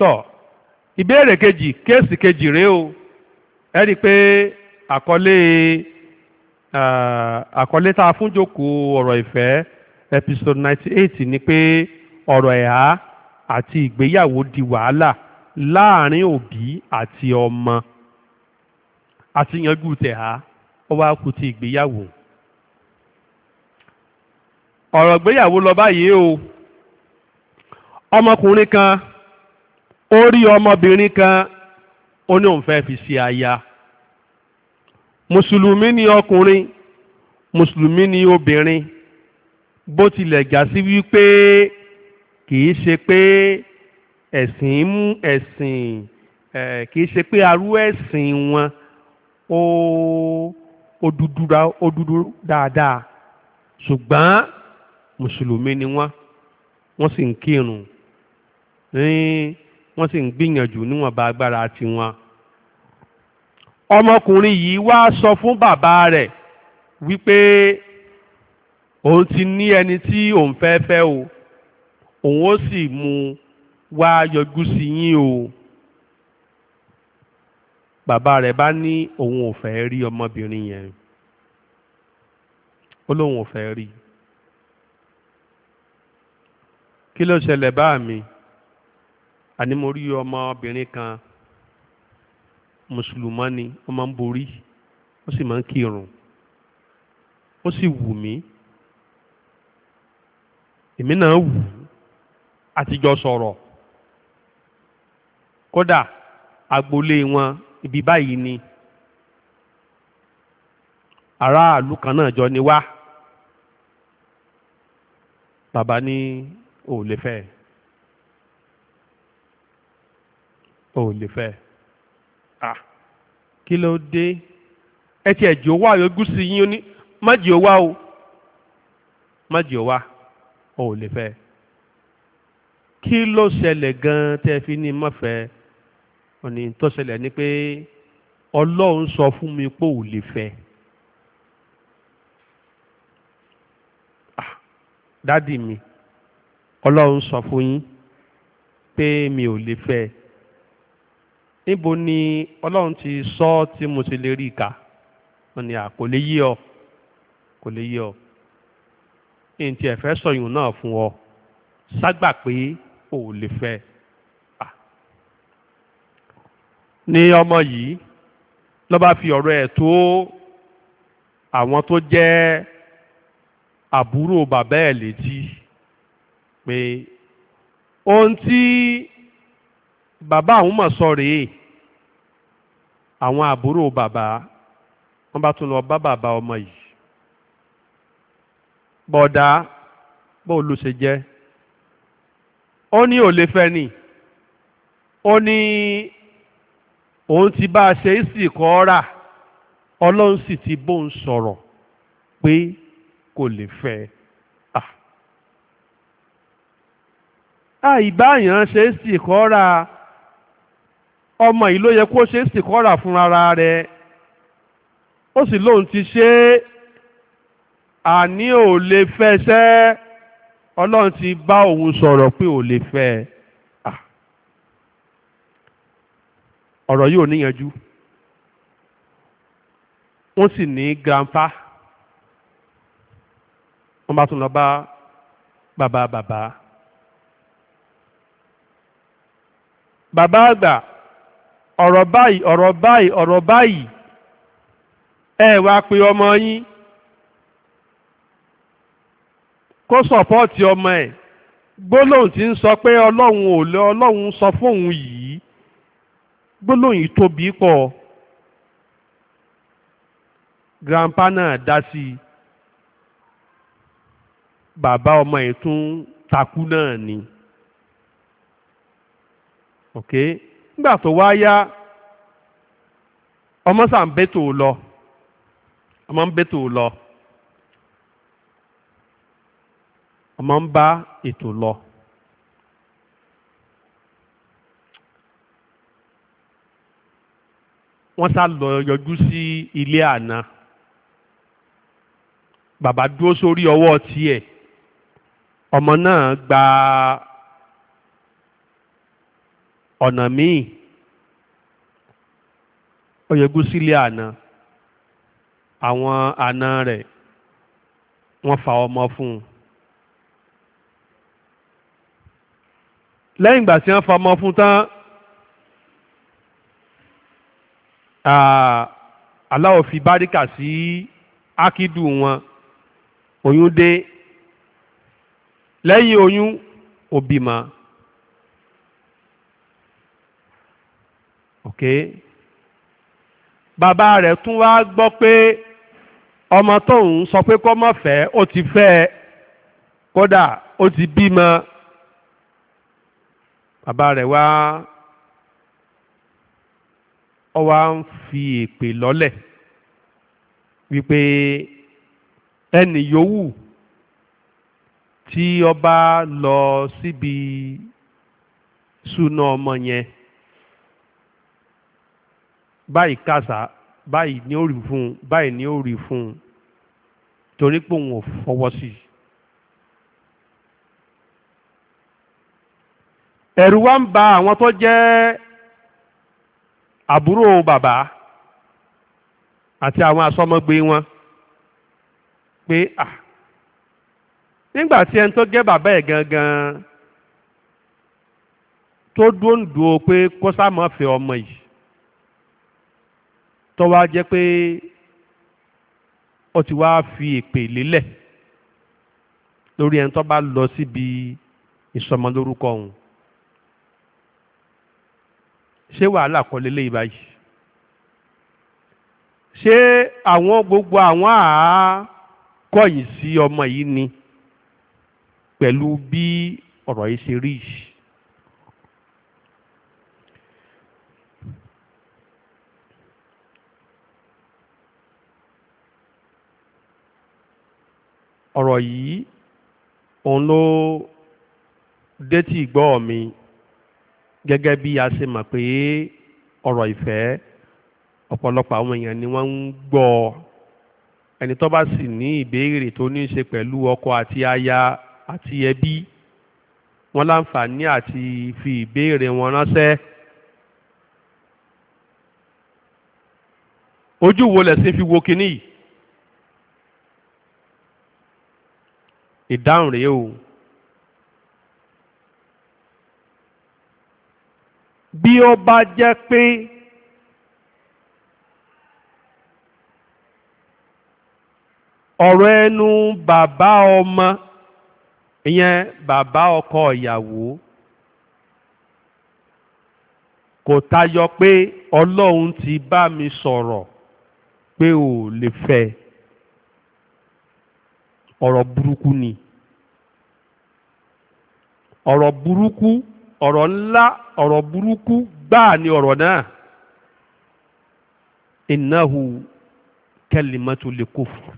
tọ́ ìbéèrè kejì kéèsì kejì rèé o ẹ rí i pé àkọlé àkọlé tá a fún jókòó ọ̀rọ̀ ìfẹ́ episode ninety eight ni pé ọ̀rọ̀ ẹ̀há àti ìgbéyàwó di wàhálà láàrin òbí àti ọmọ àti yanjú tẹ̀há ó wá kù ti ìgbéyàwó ọ̀rọ̀ ìgbéyàwó lọ báyìí o ọmọkùnrin kan ó rí ọmọbìnrin kan ó ní òun fẹ́ fi ṣe aya mùsùlùmí ni ọkùnrin mùsùlùmí ni obìnrin bó tilẹ̀ já sí wípé kì í ṣe pé ẹ̀sìn mú ẹ̀sìn ẹ̀ kì í ṣe pé arú ẹ̀sìn wọn ó ó dúdú ó dúdú dáadáa ṣùgbọ́n mùsùlùmí ni wọ́n wọ́n sì ń kírun ní. wọ́n sì ń gbìyànjú níwọ̀nba agbára tiwọn. ọmọkùnrin yìí wá sọ fún bàbá rẹ̀ wípé òun ti ní ẹni tí òun fẹ́ fẹ́ o òun ó sì mú un wá yọjú sí yín o bàbá rẹ̀ bá ní òun ò fẹ́ rí ọmọbìnrin yẹn ó lóun ò fẹ́ rí kí ló ṣẹlẹ̀ bá mi àní mo rí ọmọbìnrin kan mùsùlùmánì ó máa ń borí ó sì máa ń kírun ó sì wù mí èmi náà wù àtijọ́ sọ̀rọ̀ kódà agboolé wọn ibi báyìí ni aráàlú kan náà jọ ni wá bàbá ní òòlẹ́fẹ́ẹ́. ò lè fẹ́ ah, kí ló dé ẹ tiẹ̀ jò wá yọjú sí yín ní má jì ó wá o má jì ó wá ò lè fẹ́ kí ló ṣẹlẹ̀ gan-an tẹ́ fi ní mọ́fẹ́ òní tó ṣẹlẹ̀ ni pé ọlọ́run sọ fún mi pé ò lè fẹ́ ah, dádì mi ọlọ́run sọ fún yín pé mi ò lè fẹ́ ẹ níbo ni ọlọ́run ti sọ ọ́ tí mo ti lè rí ìka wọn ni kò lè yé ọ kò lè yé ọ ní ti ẹ̀fẹ́ sọ̀yún náà fún ọ ságbà pé o ò lè fẹ́ ní ọmọ yìí ló bá fi ọ̀rọ̀ ẹ̀ tó àwọn tó jẹ́ àbúrò bàbá ẹ̀ létí pé ohun tí bàbá àwọn mọ̀ sọ rèé àwọn àbúrò bàbá wọ́n bá tún lọ bá bàbá ọmọ yìí bọ̀dá bóò ló ṣe jẹ́ ó ní ò lè fẹ́ ni ó ní òun ti bá a ṣe ìsìnkọ́ rà ọlọ́run sì ti bóun sọ̀rọ̀ pé kò lè fẹ́ à. àìbáyàn ṣe ìsìnkọ́ rà ọmọ yìí ló yẹ kó ṣe ìsìnkọ́ra fún ara rẹ̀ ó sì lóun ti ṣe é àní ò lè fẹ́ ṣẹ́ ọlọ́run ti bá òun sọ̀rọ̀ pé ò lè fẹ́ ẹ ọ̀rọ̀ yìí ò níyanjú wọ́n sì ní grandpa wọ́n bá tún lọ bá bàbá bàbá bàbá àgbà ọ̀rọ̀ báyìí ọ̀rọ̀ báyìí ọ̀rọ̀ báyìí ẹ wá pé ọmọ yín kó sọ̀pọ́ọ̀tì ọmọ ẹ̀ gbólóhùn tí ń sọ pé ọlọ́run ò lọ ọlọ́run sọ fóun yìí gbólóhùn yìí tóbi pọ̀ grandpa náà dá sí i bàbá ọmọ ẹ̀ tún takú náà ni. Okay? nígbà tó wá yá ọmọ sà ń bẹ́tò lọ ọmọ ń bẹ́tò lọ ọmọ ń bá ètò lọ. wọ́n sá lọ yọjú sí ilé àná bàbá dúró sórí ọwọ́ tiẹ̀ ọmọ náà gba ọ̀nà míì Oyègúsí lé àná àwọn àna rẹ̀ wọ́n fa ọmọ fún un. lẹ́yìn ìgbà tí wọ́n fa ọmọ fún tán aláwọ̀ fi báríkà sí ákídù wọn oyún dé lẹ́yìn oyún òbí máa. ok bàbá rẹ̀ tún wá gbọ́ pé ọmọ tóun sọ pé kó má fẹ́ ó ti fẹ́ ẹ kódà ó ti bímọ bàbá rẹ̀ wá ọ wá ń fi èpè lọ́lẹ̀ wípé ẹnì yòówù tí ó lọ síbi súná ọmọ yẹn báyìí kásá báyìí ni ó rí fún un báyìí ni ó rí fún un torí pé òun ò fọwọ́ sí i. ẹ̀rù wa ń ba àwọn tó jẹ́ àbúrò bàbá àti àwọn asọ́mọgbé wọn pé à nígbà tí ẹni tó jẹ́ bàbá ẹ̀ gangan tó dóńdó pé kó sá mọ́ fẹ́ ọmọ yìí tó wá jẹ́ pé ó ti wá fi èpè lélẹ̀ lórí ẹni tó bá lọ síbi ìsọmọlórúkọ ọ̀hún ṣé wàhálà kọ́ lélẹ́yìí báyìí ṣé àwọn gbogbo àwọn àá sí ọmọ yìí ni pẹ̀lú bí ọ̀rọ̀ yìí ṣe rí yìí ọ̀rọ̀ yìí òun ló détí ìgbọ́ mi gẹ́gẹ́ bí a ṣe mọ̀ pé ọ̀rọ̀ ìfẹ́ ọ̀pọ̀lọpọ̀ àwọn èèyàn ni wọ́n ń gbọ́ ọ ẹni tó bá sì ní ìbéèrè tó ní í ṣe pẹ̀lú ọkọ àti aya àti ẹbí wọ́n láǹfààní àti fi ìbéèrè wọn ránṣẹ́. ojú wo lẹ̀sìn fi wo kinní yìí ìdáhùn rèé o bí ó bá jẹ́ pé ọ̀rọ̀ ẹnu bàbá ọmọ ìyẹn bàbá ọkọ ìyàwó kò tayọ pé ọlọ́run ti bá mi sọ̀rọ̀ pé ò lè fẹ́ ẹ ọ̀rọ̀ burúkú ni ọ̀rọ̀ burúkú ọ̀rọ̀ ńlá ọ̀rọ̀ burúkú gbáà ni ọ̀rọ̀ náà innahu kalimatu li kufru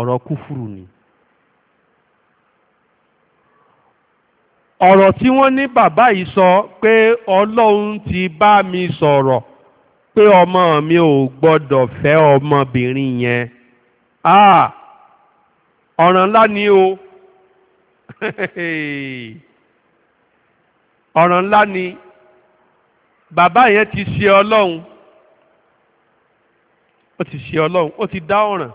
ọ̀rọ̀ kúfùrù ni ọ̀rọ̀ tí wọ́n ní bàbá yìí sọ pé ọlọ́run ti bá mi sọ̀rọ̀ pé ọmọ mi ò gbọ́dọ̀ fẹ́ ọmọbìnrin yẹn ah ọ̀ràn ńlá ni o ọ̀ràn ńlá ni bàbá yẹn ti ṣe ọlọ́run ó ti ṣe ọlọ́run ó ti dá ọ̀ràn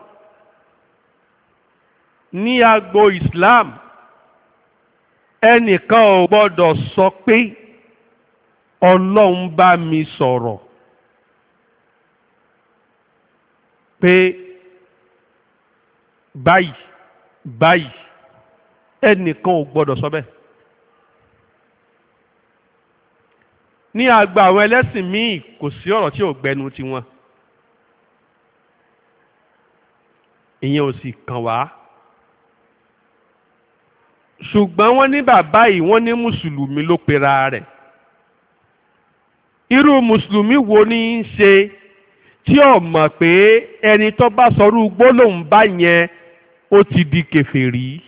ní agbo Islam ẹnìkan ò gbọ́dọ̀ sọ pé ọlọ́run bá mi sọ̀rọ̀ pé báyìí báyìí ẹnìkan ò gbọ́dọ̀ sọ bẹ́ẹ̀. ní agba àwọn ẹlẹ́sìn míì kò sí ọ̀rọ̀ tí ò gbẹnu tiwọn ìyẹn ò sì kàn wá ṣùgbọ́n wọ́n ní bàbá yìí wọ́n ní mùsùlùmí ló pera rẹ̀ irú mùsùlùmí wo ni ń ṣe tí ò mọ̀ pé ẹni tó bá sọrú gbólóhùn bá yẹn ó ti di kèfèrí.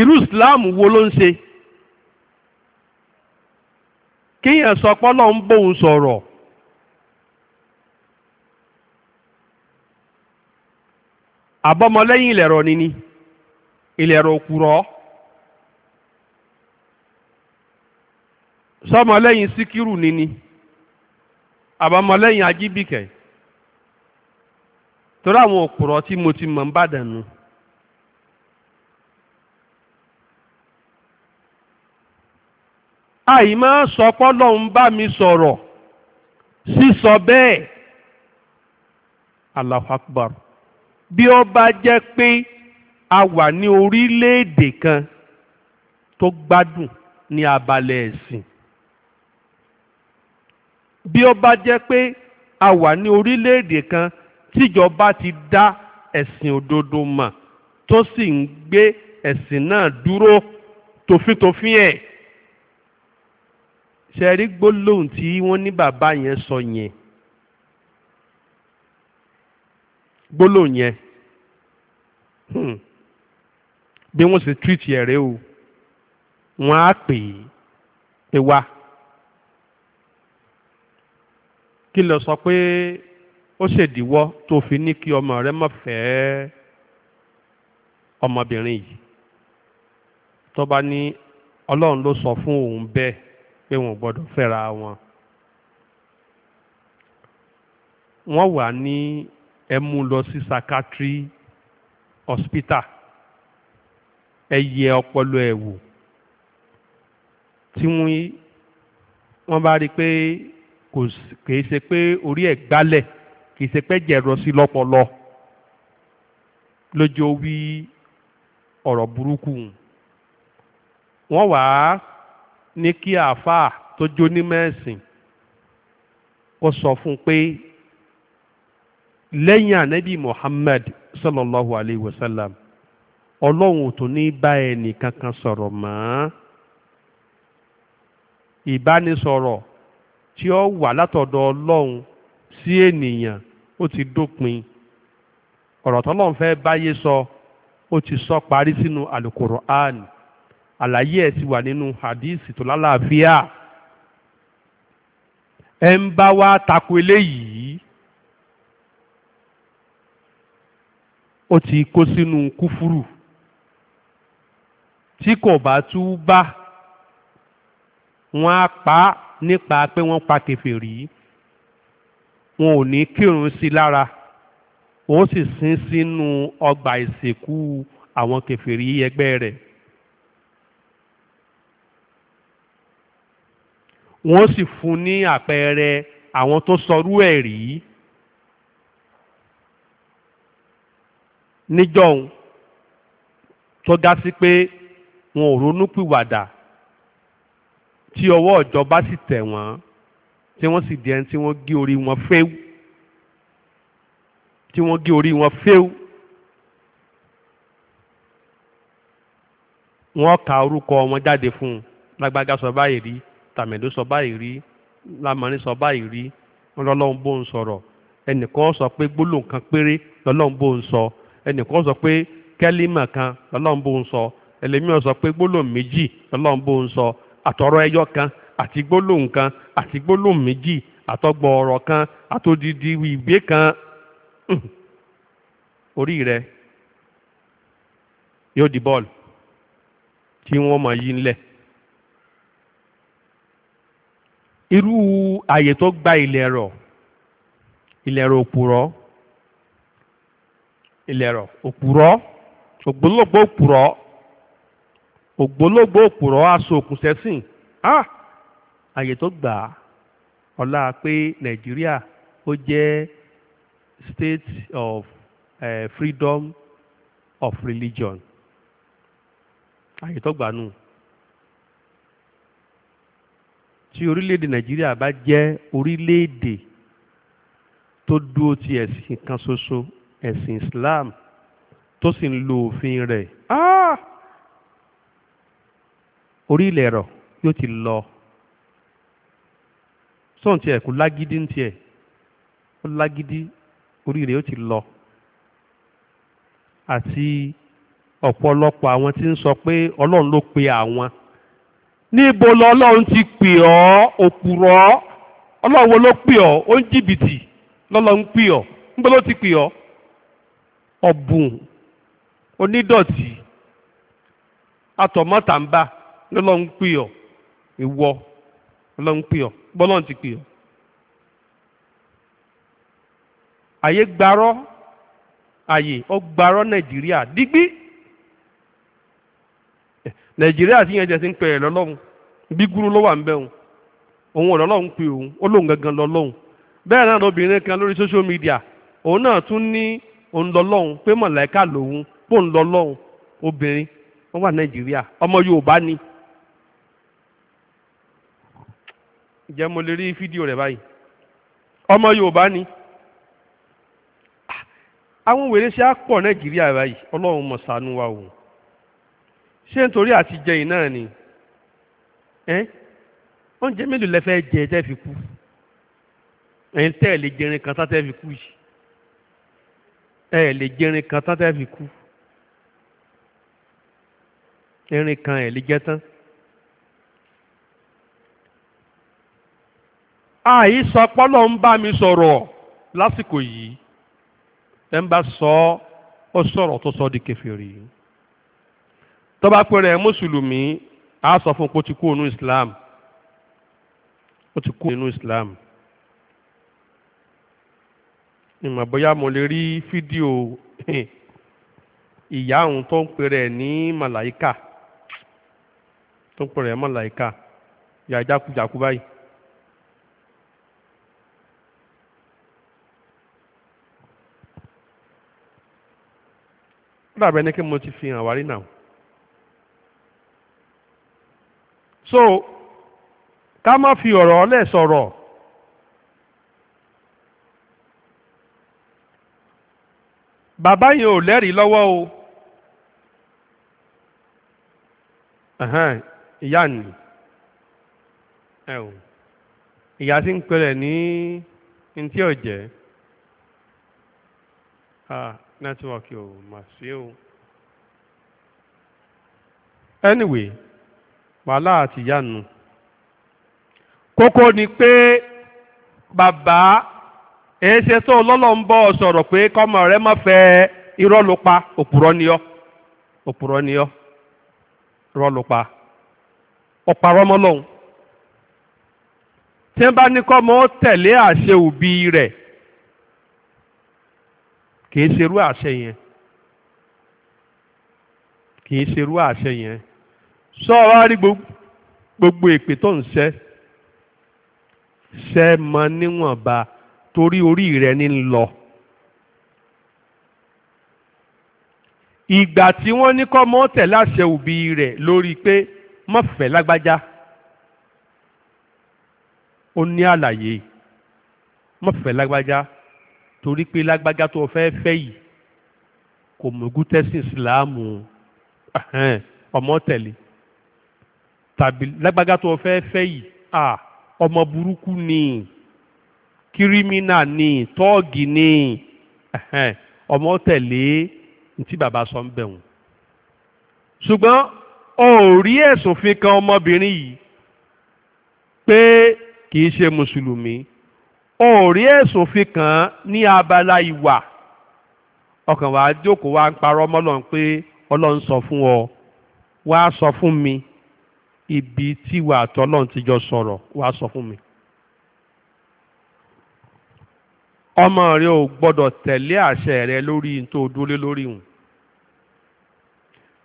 irú islam wo ló ń ṣe kíyàn sọ pọ́lọ́ ń bóun sọ̀rọ̀ àbọ̀mọlẹ́yìn ìlẹ̀rọ níní ìlẹ̀rọ òkúrọ̀ sọmọlẹ́yìn síkírù níní àbọ̀mọlẹ́yìn ajíbìkẹ́. torí àwọn òpùrọ̀ tí mo ti mọ ń bàdàn nù. àì máa sọ pọ́lọ́ ń bá mi sọ̀rọ̀ sísọ bẹ́ẹ̀ Allahu bí ó bá jẹ́ pé a wà ní orílẹ̀-èdè kan tó gbádùn ní abalẹ̀ ẹ̀sìn bí ó bá jẹ́ pé a wà ní orílẹ̀-èdè kan tíjọba ti dá ẹ̀sìn òdodo mọ̀ tó sì ń gbé ẹ̀sìn náà dúró tòfintòfin ẹ̀ ṣẹ̀rí gbólóhùn tí wọ́n ní bàbá yẹn sọ yẹn gbólóhùn yẹn hmm. bí wọ́n ṣe túwìtì ẹ̀ rẹ́ o wọ́n á pè é pé wá kí ló sọ pé ó ṣèdíwọ́ tó fi ní kí ọmọ rẹ má fẹ́ ọmọbìnrin yìí tó bá ní ọlọ́run ló sọ fún òun bẹ́ẹ̀ pé wọn gbọ́dọ̀ fẹ́ra wọn wọ́n wà ní ẹ lọ sí psychiatry hospital ẹ yẹ ọpọlọ ẹ wò tí wọ́n bá rí i pé kò kìí ṣe pé orí ẹ̀ gbálẹ̀. E kì í ṣe pé jẹ̀rọ sí lọ́pọlọ lójó wí ọ̀rọ̀ burúkú wọ́n wàá ní kí àáfàá tó jó ní mẹ́sìn kó sọ fún un pé lẹ́yìn ànábì Muhammad sallallahu alayhi wa sallam ọlọ́run ò tún ní bá ẹnì kankan sọ̀rọ̀ mọ́ ìbánisọ̀rọ̀ tí ó wà látọ̀dọ̀ ọlọ́run sí ènìyàn ó ti dópin ọ̀rọ̀ tọ́lọ́n fẹ́ báyé sọ ó ti sọ parí sínú alukur'an àlàyé ẹ̀ ti wà nínú hadith tó lálàáfíà ẹ ń bá wa tako eléyìí ó ti kó sínú kúfúrù tí kò bá tú bá wọn á pa nípa pé wọ́n pa kèfèrí wọn ò ní kírun sí lára wọn sì sin sínú ọgbà ìsìnkú àwọn kèfèrí ẹgbẹ́ rẹ̀ wọn sì fún ní àpẹẹrẹ àwọn tó sọrú ẹ̀ rí níjọ́hun tó ga sí pé wọn ò ronú tí ọwọ́ ìjọba sì tẹ̀ wọ́n tí wọ́n sì di ẹni tí wọ́n gé orí wọn fẹ́wù tí wọ́n gé orí wọn fẹ́wù wọ́n ka orúkọ wọn jáde fún un lágbága sọ báyìí rí tàmẹ̀dó sọ báyìí rí lámàrin sọ báyìí rí lọ́lọ́run bó ń sọ̀rọ̀ ẹnìkan sọ pé gbólóhùn kan péré lọ́lọ́run bó ń sọ ẹnìkan sọ pé kẹ́límà kan lọ́lọ́run bó ń sọ ẹlẹ́mìíràn sọ pé gbólóhùn méjì lọ́lọ́run bó ń sọ àtọ̀rọ̀ ẹyọ kan àti gbólóhùn kan àti gbólóhùn méjì àtọgbọ kan àtòdìdì ìgbé kan hmm. orí rẹ yóò di bọ́ọ̀lù tí wọ́n mọ̀ yí ńlẹ̀. irú àyè tó gba ilẹ̀ rọ̀ ilẹ̀ rọ̀ òpùrọ̀ ilẹ̀ rọ̀ òpùrọ̀ ògbólógbò òpùrọ̀ ògbólógbò òpùrọ̀ aṣọ òkùnsẹ́sìn ah àyè tó gbà á ọlá pé nàìjíríà ó jẹ́ state of uh, freedom of religion àyè tó gbà nù tí orílẹ̀-èdè nàìjíríà bá jẹ́ orílẹ̀-èdè tó dúró ti ẹ̀sìn kan ṣoṣo ẹ̀sìn islam tó sì ń lo òfin rẹ̀ ah! orí ilẹ̀ rọ̀ yóò ti lọ sọ̀n tiẹ̀ kó lágídí ń tiẹ̀ ó lágídí orí rẹ̀ ó ti lọ àti ọ̀pọ̀lọpọ̀ àwọn tí ń sọ pé ọlọ́run ló pe àwọn níbo lọ́lọ́run ti pè ọ́ òpùrọ́ ọlọ́run wo ló pè ọ́ ó ń jìbìtì lọ́lọ́run pè ọ́ níbo ló ti pè ọ́ ọ̀bùn onídọ̀tí atọ̀mọ́tàǹbà lọ́lọ́run pè ọ́ ìwọ lọ́lọ́run pè ọ́ bọ́lọ́n ti pè ọ́ àyè gbarọ́ àyè ọ gbarọ́ nàìjíríà dígbí nàìjíríà tí yẹn jẹ́ sí ń pè é lọ́lọ́run bí gúrú ló wà ń bẹ̀ òun òun ọ̀lọ́lọ́run pè òun ó lóun gangan lọ́lọ́run bẹ́ẹ̀ náà lóbìnrin kan lórí social media òun náà tún ní òun lọ́lọ́run pé mọ̀lẹ́kà lòun pòun lọ́lọ́run obìnrin wọ́n wà nàìjíríà ọmọ yorùbá ni. ǹjẹ́ mo lè rí fídíò rẹ̀ báyìí ọmọ Yorùbá ni àwọn wèrè ṣe á pọ̀ Nàìjíríà báyìí Ọlọ́run mọ̀ ṣàánú wa o ṣé nítorí àti jẹ yìí náà ni oúnjẹ mélòó lẹ fẹ́ jẹ tẹ́ fi kú ẹ̀ ń tẹ́ ẹ̀ lè jẹrin kan tá tẹ́ fi kú yìí ẹ̀ lè jẹrin kan tá tẹ́ fi kú ẹrin kan ẹ̀ lè jẹ tán. àìsọ pọ́lọ́ ń bá mi sọ̀rọ̀ lásìkò yìí ẹ ń bá sọ ó sọ̀rọ̀ tó sọ di kèfèrí tó bá mùsùlùmí á sọ fún pé ó ti kú ònú Islam ó ti kú nínú Islam ìmọ̀ bóyá mo lè rí fídíò ìyá òun tó ń pèrè ẹ̀ ní màláìka tó ń pèrè ẹ̀ ìyá ìjákujàku báyìí. dàbí ẹni kí mo ti fi hàn wárí náà. so ká má fi ọ̀rọ̀ ọ̀lẹ́ sọ̀rọ̀. bàbá yẹn ò lẹ́rìí lọ́wọ́ o. ìyá ni ẹ o ìyá tí ń pẹlẹ ní ntí ọ̀jẹ̀. network ò mà sí o. anyway wàhálà àti ìyanu kókó ni pé bàbá èéṣe tó lọ́lọ́ ń bọ́ sọ̀rọ̀ pé kọ́mọ rẹ má fẹ́ irọ́ ló pa òpùrọ́ ni ọ́ òpùrọ́ ni ọ́ ló pa mọ́ lọ́hùn kìí ṣerú àṣẹ yẹn kìí ṣerú àṣẹ yẹn sọ wá rí gbogbo èpè tó ń ṣẹ ṣẹ mọ níwọ̀nba torí orí rẹ ní ń lọ. ìgbà tí wọ́n ní kọ́ mọ́ tẹ̀ láṣẹ òbí rẹ̀ lórí pé mọ̀fẹ́ lágbájá ó ní àlàyé mọ̀fẹ́ lágbájá torí pé lágbájá tó fẹ́ fẹ́ yìí kò mọ̀gú tẹ́sìn ìsìláàmù ọmọ tẹ̀lé tàbí lágbájá tó fẹ́ fẹ́ yìí ọmọ burúkú ni kírímínà ni tọ́ọ̀gì ni ọmọ tẹ̀lé ntí bàbá sọ ń bẹ̀ wọ́n ṣùgbọ́n o ẹ̀sùn fi kan ọmọbìnrin yìí pé kì í ṣe mùsùlùmí ò rí ẹ̀sùn fi kàn án ní abala ìwà ọkàn wàá jókòó wá ń parọ́ mọ́lọ́n pé ọlọ́run sọ fún ọ wàá sọ fún mi ibi tí ìwà àtọ́lọ́run ti jọ sọ̀rọ̀ wàá sọ fún mi. ọmọ rẹ ò gbọ́dọ̀ tẹ̀lé àṣẹ rẹ lórí tó dúró lórí hùn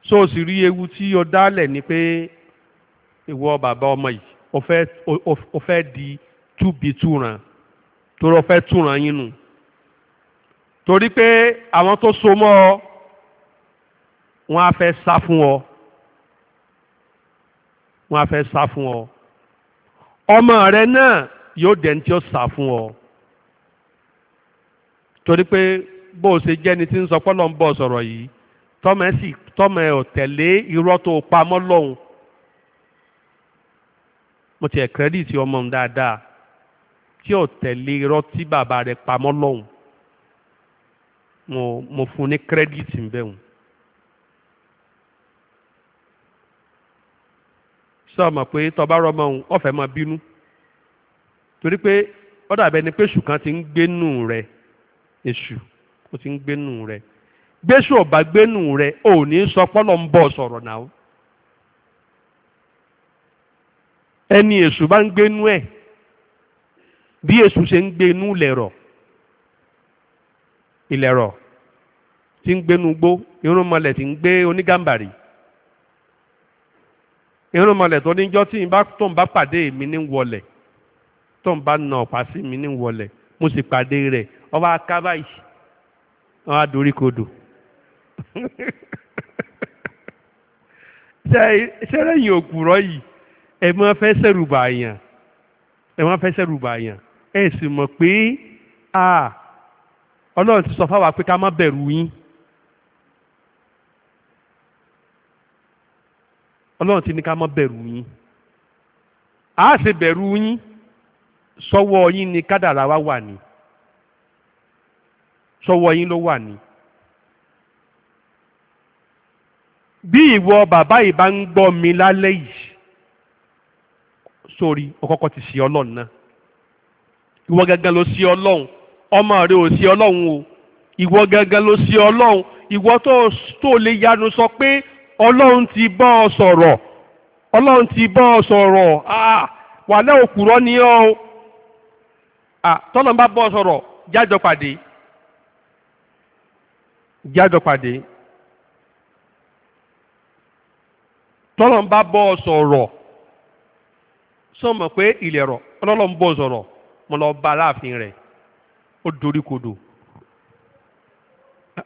so sì rí ewu tí o dálẹ̀ ni pé ìwọ bàbá ọmọ yìí o fẹ́ di túbi túran tó rọ fẹ́ túnra yín nù torí pé àwọn tó so mọ́ ọ wọ́n á fẹ́ sá fún ọ wọ́n á fẹ́ sá fún ọ ọmọ rẹ náà yóò dẹni tí ó sá fún ọ torí pé bó o ṣe jẹ́ni tí ń sọ pọ́lọ́ ń bọ̀ sọ̀rọ̀ yìí tọ́mọ ẹ sì tọ́mọ ẹ ò tẹ̀lé irọ́ tó o pamọ́ lọ́hùn mo tiẹ̀ kírẹ́dìtì ọmọ òun dáadáa tí ò tẹ̀lé irọ́ tí bàbá rẹ̀ pamọ́ lọ́hùn mo mo fún ní kírẹ́dìtì ń bẹ̀hùn. sọ ma pé tọba rọmọ òun ọ̀fẹ́ máa bínú torí pé ó dàbẹ ni pé èṣù kan ti ń gbénú rẹ̀ èṣù ó ti ń gbénú rẹ̀ gbéṣù ọba gbénú rẹ̀ ò ní sọ pọlọ ń bọ̀ sọ̀rọ̀ náà ẹni èṣù bá ń gbénú ẹ̀ bí èṣù ṣe ń gbé inú ìlẹ̀rọ̀ ìlẹ̀rọ̀ tí ń gbénu gbó irúnmọlẹ̀ tí ń gbé onígàmbàrí irúnmọlẹ̀ tó níjọ́ tí n bá tó n bá pàdé mi ní wọlẹ̀ tó n bá na ọ̀pá sí mi ní wọlẹ̀ mo sì pàdé rẹ̀ ọba aká báyìí wọn á dorí kodò sẹ́rẹ̀yìn òkúrọ̀ yìí ẹ̀ máa fẹ́ sẹ́rù bàyàn ẹ̀ máa fẹ́ sẹ́rù bàyàn ẹ sì mọ̀ pé a ọlọ́run ti sọ fáwa pé ká má bẹ̀rù yín ọlọ́run ti ní ká má bẹ̀rù yín a ṣe bẹ̀rù yín sọ́wọ́ yín ni kádàrá wa wà ní sọ́wọ́ yín ló wà ní. bí ìwọ bàbá yìí bá ń gbọ́ mi lálẹ́ yìí sórí ọkọ̀ọ̀kọ̀ ti ṣe ọlọ́run náà ìwọ gangan ló sí ọlọ́run ọmọ rẹ ò sí ọlọ́run o ìwọ gangan ló sí ọlọ́run ìwọ tó lè yanu sọ pé ọlọ́run ti bá ọ sọ̀rọ̀ ọlọ́run ti bá ọ sọ̀rọ̀ ah, wàlẹ́ òkúrọ́ ni ọ́ ah, tọ́lọ́n bá bọ́ ọ sọ̀rọ̀ jájọ pàdé jájọ pàdé tọ́lọ́n bá bọ́ ọ sọ̀rọ̀ sọ pé ìlẹ̀rọ̀ ọlọ́run bọ́ ọ sọ̀rọ̀. mo lọ bá aláàfin rẹ̀ ó dorí kodò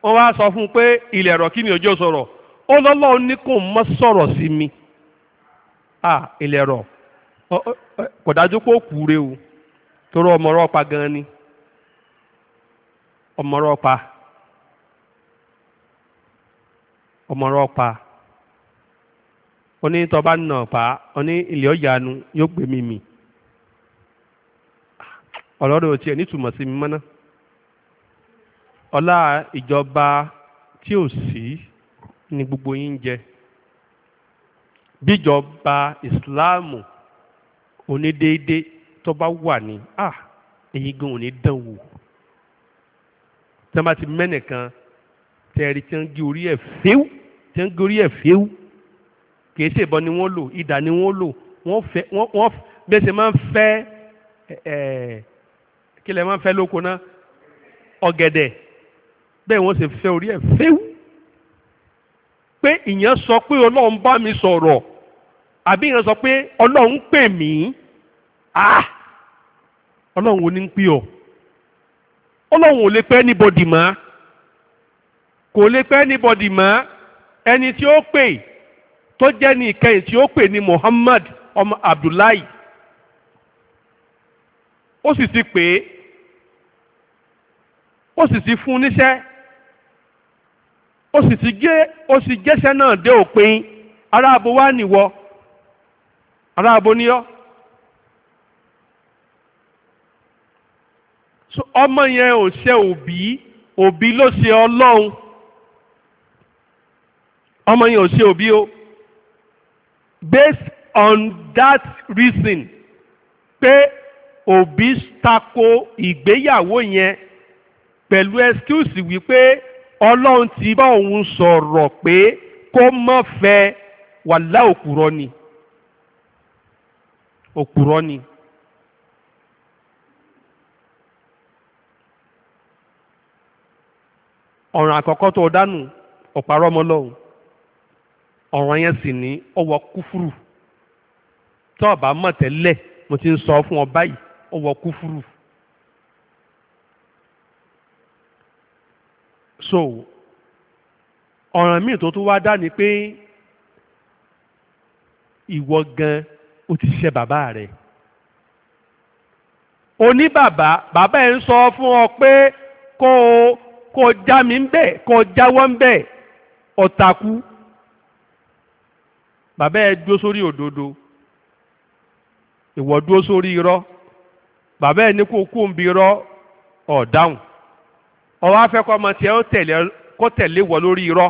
wọ́n wá sọ fún un pé ilẹ̀ ẹ̀rọ kí mi ò jẹ́ sọ̀rọ̀ ó lọ́lọ́ ní kò mọ́ sọ̀rọ̀ sí mi ilẹ̀ ẹ̀rọ kò dájú pé ó kú re o torí ọmọ ọ̀rọ̀ pa gan ni ọmọ ọ̀rọ̀ pa ọmọ ọ̀rọ̀ pa oní tọ́ba nà pa oní ilẹ̀ ọ̀yanu yóò gbé mi mì. ọ̀rọ̀ rẹ̀ ò tiẹ̀ nítumọ̀ sí mi mọ́ná ọlá ìjọba tí ò sí ni gbogbo yín jẹ bíjọba ìsìláàmù onídéédé tó bá wà ní à èyí gan ò ní dán wò tí wọ́n bá ti mẹ́nìkan tẹ̀rí tí wọ́n gé orí ẹ̀ fíw tí wọ́n gé orí ẹ̀ fíw kì í ṣèbọn ni wọ́n lò idà ni wọ́n lò wọ́n fẹ́ wọ́n bẹ́sẹ̀ máa ń fẹ́ kele lè máa ń fẹ́ lóko náà ọ̀gẹ̀dẹ̀ bẹ́ẹ̀ wọ́n sì fẹ́ orí pe fẹ́wù pé ìyẹn sọ pé ọlọ́run bá mi sọ̀rọ̀ àbí ìyẹn sọ pé ọlọ́run pè mí ah ọlọ́run ò ní pè ọ́ ọlọ́run ò lè pè anybody ma kò lè pè anybody ma ẹni tí ó pè tó jẹ́ ní ìkẹyìn tí ó pè ní Muhammad ọmọ Abdullahi ó sì ti pè é ó sì ti fún níṣẹ́ ó sì ti gé ó sì gẹ́sẹ́ náà dé òpin aráàbò wá nìwọ aráàbò níyọ́ ọmọ yẹn ò ṣe òbí òbí ló ṣe ọlọ́run ọmọ yẹn ò ṣe òbí o based on that reason pé òbí tako ìgbéyàwó yẹn pẹ̀lú excuse wípé ọlọ́run ti bá òun sọ̀rọ̀ pé kó má fẹ́ wàlá òkúrọ́ ni òkúrọ́ ni. ọ̀ràn àkọ́kọ́ tó dánù ọ̀pàrọ̀ ọmọ lọ́hùn ọ̀ràn yẹn sì ní ọwọ́ kúfúrù tó o mọ̀ tẹ́lẹ̀ mo ti ń sọ fún ọ báyìí ó wọ so ọ̀ràn míì tó tún wá dá ni pé ìwọ gan o ti ṣiṣẹ́ bàbá rẹ̀ oní bàbá bàbá ẹ̀ ń sọ fún ọ pé kó o kó o já mi ń bẹ̀ kó o jáwọ́ ń bẹ̀ ọ̀tàkú bàbá ẹ̀ dúró sórí òdodo ìwọ dúró sórí irọ́. bàbá ẹ̀ ní kó kó ń bi irọ́ ọ̀ dáhùn ọwọ́ afẹ́kọ́ ọmọ tiẹ̀ kó tẹ̀lé wọ lórí rọ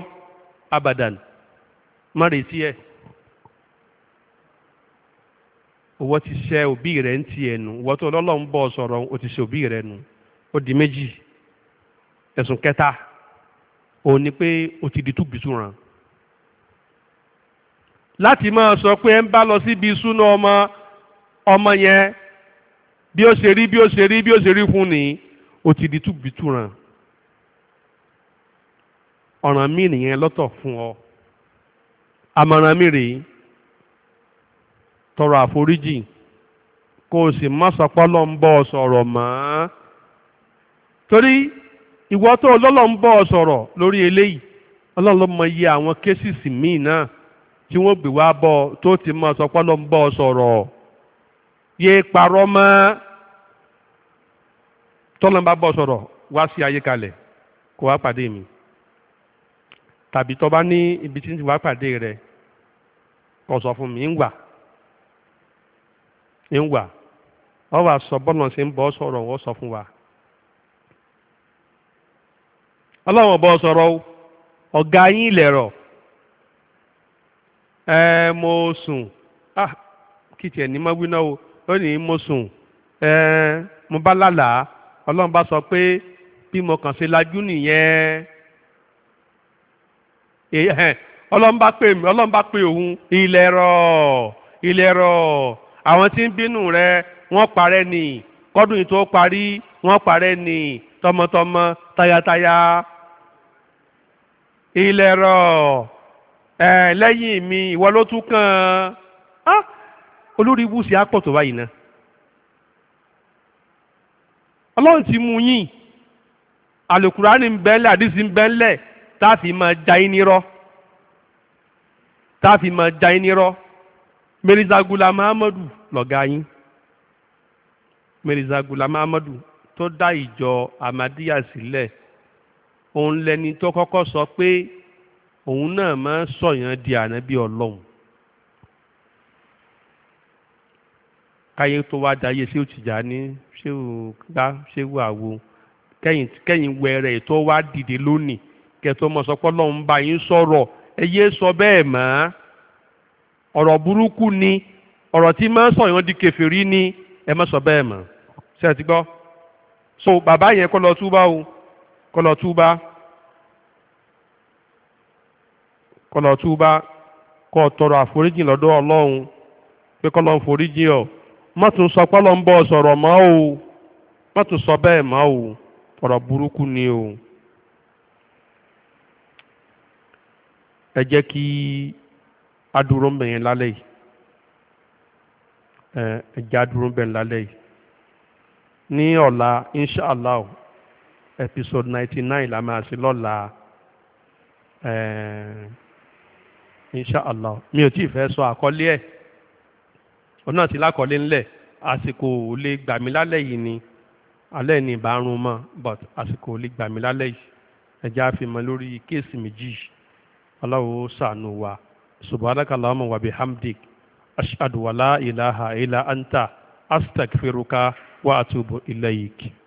abadan má retí ẹ̀ owó ti ṣe òbí rẹ̀ ń tiẹ̀ nù wọ́n tó lọ́lọ́run bọ̀ sọ̀rọ̀ o ti ṣe òbí rẹ nù ó di méjì ẹ̀sùn kẹta òun ni pé o ti di túbìtú ràn láti máa sọ pé ẹ ń bá lọ síbi súná ọmọ ọmọ yẹn bí ó ṣe rí bí ó ṣe rí bí ó ṣe rí fún ni ó ti di túbitúran ọ̀ràn mi nìyẹn lọ́tọ̀ fún ọ àmọ̀ràn mi rèé tọrọ àforíjì kó o sì má sọpọ́lọ́ ń bọ́ ọ sọ̀rọ̀ mọ́ torí ìwọ́ tó lọ́lọ́ ń bọ́ ọ sọ̀rọ̀ lórí eléyìí ọlọ́run ló mọ iye àwọn kéṣìṣì míì náà tí wọ́n gbé wá bọ́ ọ tó ti má sọpọ́lọ́ ń bọ́ ọ sọ̀rọ̀ yéé parọ́ mọ́ tọ́lọ́mbà bọ́ sọ̀rọ̀ wá sí ayé kalẹ kó wá pàdé mi tàbí tọba ní ibi tí ń ti wá pàdé sọ mi ń wà ń wà ọ wà sọ bọ́lọ̀ sí ń sọ fún wa ọlọ́wọ̀n bọ́ sọ̀rọ̀ ọ̀gá yín lẹ̀rọ̀ ẹ mo sùn ah kìtì ẹ̀ ní o. ó ní mo sùn ẹ̀ẹ́n mo bá lálàá ọlọ́run bá sọ pé bí mo kàn ṣe lajú nìyẹn ọlọ́run bá pè mí ọlọ́run bá pè òun ilẹ̀ rọ̀ ilẹ̀ rọ̀ àwọn tí ń bínú rẹ wọ́n parẹ́ nì kọ́dún yìí tó parí wọ́n parẹ́ nì tọmọtọmọ tayataya ilẹ̀ rọ̀ ẹ̀ lẹ́yìn mi ìwọ ló tún kàn án olórí ibùsì á pọ̀ tó báyìí náà ọlọ́run ti mú yín alukurani ń bẹ́ńlẹ̀ àdìsí ń bẹ́ńlẹ̀ tá a fi máa já yín nírọ́ tá a fi máa já yín nírọ́ mẹ́rìndàgùlà mahamadu lọ̀gá yín mẹ́rìndàgùlà mahamadu tó dá ìjọ amadiya sílẹ̀ òun lẹni tó kọ́kọ́ sọ pé òun náà máa ń sọ̀yàn di ànábì ọlọ́run káyé tó wá dayé ṣé o Tìjàní ṣé o gbá ṣé o àwo kẹ́yìn kẹ́yìn wẹ̀rẹ̀ tó wá dìde lónìí kẹtọ́ mọ̀ sọ́pọ́ lọ́hún bá yín sọ̀rọ̀ ẹ yé sọ bẹ́ẹ̀ mọ́ ọ̀rọ̀ burúkú ni ọ̀rọ̀ tí máa ń sọ yẹn di kèfèrí ni ẹ má sọ bẹ́ẹ̀ mọ́ ṣe é ti gbọ́ so bàbá yẹn kọ́ lọ o kọ́ lọ túbá kọ́ lọ tọrọ àforíjì lọ́dọ̀ Ọlọ́run pé kọ́ lọ́n foríjì ọ́. má tún sọ pọ́lọ́ sọ̀rọ̀ o sọ bẹ́ẹ̀ mọ́ o ọ̀rọ̀ burúkú ni o. ẹ jẹ́ kí a dúró ń bẹ̀yẹn lálẹ́ ẹ jẹ́ a dúró ń bẹ̀yẹn lálẹ́ yìí ní ọ̀la inshallah episode ninety nine la máa ṣe lọ́la inshallah mi ò tí ì sọ àkọlé òun náà ti lákọ̀ọ́lé ńlẹ̀ àsìkò ò lè gbà mí lálẹ́ yìí ni alẹ́ ní ìbárun mọ́ but àsìkò ò lè gbà mí lálẹ́ yìí ẹ̀já fi mọ́ lórí kéèsì méjì Allahu ṣàánú wa subhanaka Allahumma wa bihamdik ashhadu wa ilaha illa anta astaghfiruka wa atubu ilayk.